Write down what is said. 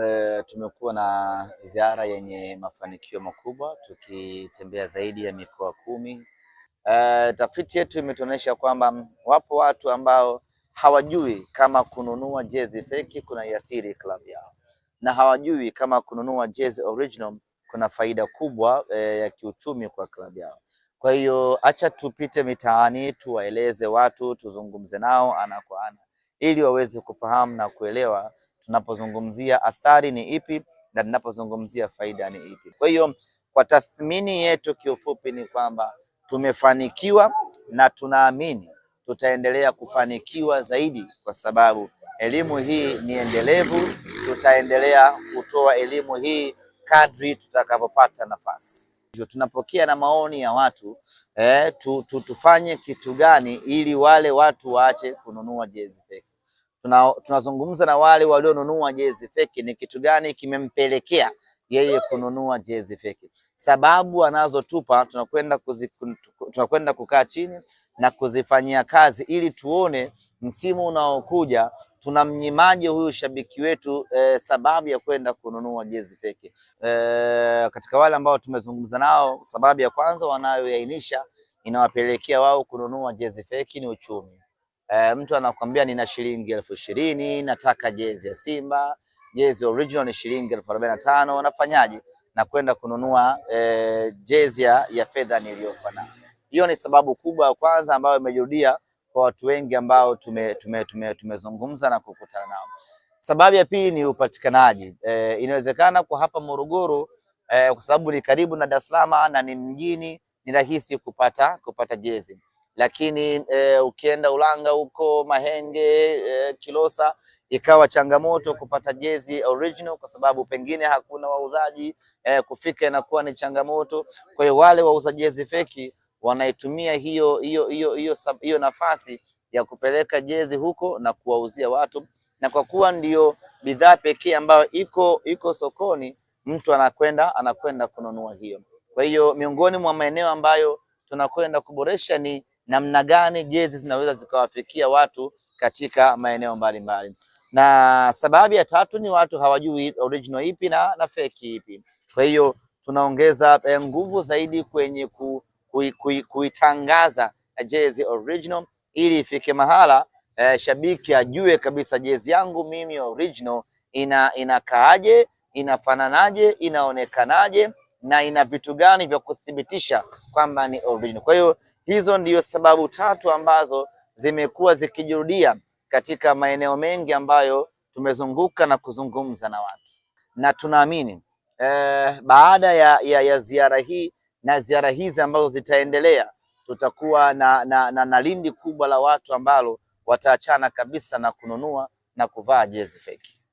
e, tumekuwa na ziara yenye mafanikio makubwa tukitembea zaidi ya mikoa kumi. E, tafiti yetu imetuonyesha kwamba wapo watu ambao hawajui kama kununua jezi feki iathiri klabu yao na hawajui kama kununua jezi original kuna faida kubwa e, ya kiuchumi kwa klabu yao. Kwa hiyo acha tupite mitaani, tuwaeleze watu, tuzungumze nao ana kwa ana ili waweze kufahamu na kuelewa tunapozungumzia athari ni ipi na tunapozungumzia faida ni ipi. Kwa hiyo kwa tathmini yetu kiufupi ni kwamba tumefanikiwa na tunaamini tutaendelea kufanikiwa zaidi, kwa sababu elimu hii ni endelevu. Tutaendelea kutoa elimu hii kadri tutakavyopata nafasi. Hivyo tunapokea na maoni ya watu eh, tu, tu, tufanye kitu gani ili wale watu waache kununua jezi pekee tuna, tunazungumza na wale walionunua jezi feki, ni kitu gani kimempelekea yeye kununua jezi feki. Sababu anazotupa tunakwenda kuzi, tunakwenda kukaa chini na kuzifanyia kazi ili tuone msimu unaokuja tunamnyimaje huyu shabiki wetu e, sababu ya kwenda kununua jezi feki. E, katika wale ambao tumezungumza nao, sababu ya kwanza wanayoainisha inawapelekea wao kununua jezi feki ni uchumi. E, mtu anakwambia nina shilingi elfu ishirini nataka jezi ya Simba, jezi original ni shilingi elfu arobaini na tano unafanyaje? Na kwenda kununua e, jezi ya ya fedha niliyofanana. Hiyo ni sababu kubwa ya kwanza ambayo imejirudia kwa watu wengi ambao tumezungumza tume, tume, tume na kukutana nao. Sababu ya pili ni upatikanaji e, inawezekana kwa hapa Morogoro e, kwa sababu ni karibu na Dar es Salaam na ni mjini, ni rahisi kupata kupata jezi lakini e, ukienda Ulanga huko Mahenge e, Kilosa ikawa changamoto kupata jezi original kwa sababu pengine hakuna wauzaji e, kufika inakuwa ni changamoto. Kwa hiyo wale wauza jezi feki wanaitumia hiyo hiyo hiyo hiyo hiyo nafasi ya kupeleka jezi huko na kuwauzia watu, na kwa kuwa ndiyo bidhaa pekee ambayo iko iko sokoni, mtu anakwenda anakwenda kununua hiyo. Kwa hiyo miongoni mwa maeneo ambayo tunakwenda kuboresha ni namna gani jezi zinaweza zikawafikia watu katika maeneo mbalimbali. Na sababu ya tatu ni watu hawajui original ipi na, na fake ipi. Kwa hiyo tunaongeza eh, nguvu zaidi kwenye ku, kui, kui, kuitangaza jezi original ili ifike mahala eh, shabiki ajue kabisa jezi yangu mimi original ina inakaaje, inafananaje, inaonekanaje na ina vitu gani vya kuthibitisha kwamba ni original. Kwa hiyo Hizo ndiyo sababu tatu ambazo zimekuwa zikijirudia katika maeneo mengi ambayo tumezunguka na kuzungumza na watu, na tunaamini eh, baada ya, ya, ya ziara hii na ziara hizi ambazo zitaendelea tutakuwa na, na, na, na lindi kubwa la watu ambalo wataachana kabisa na kununua na kuvaa jezi feki.